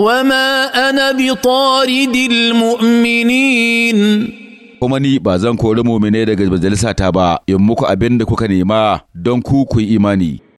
وما أنا بطارد المؤمنين kuma ni ba zan kori mumine daga majalisa ta ba in muku abin da kuka nema don ku ku imani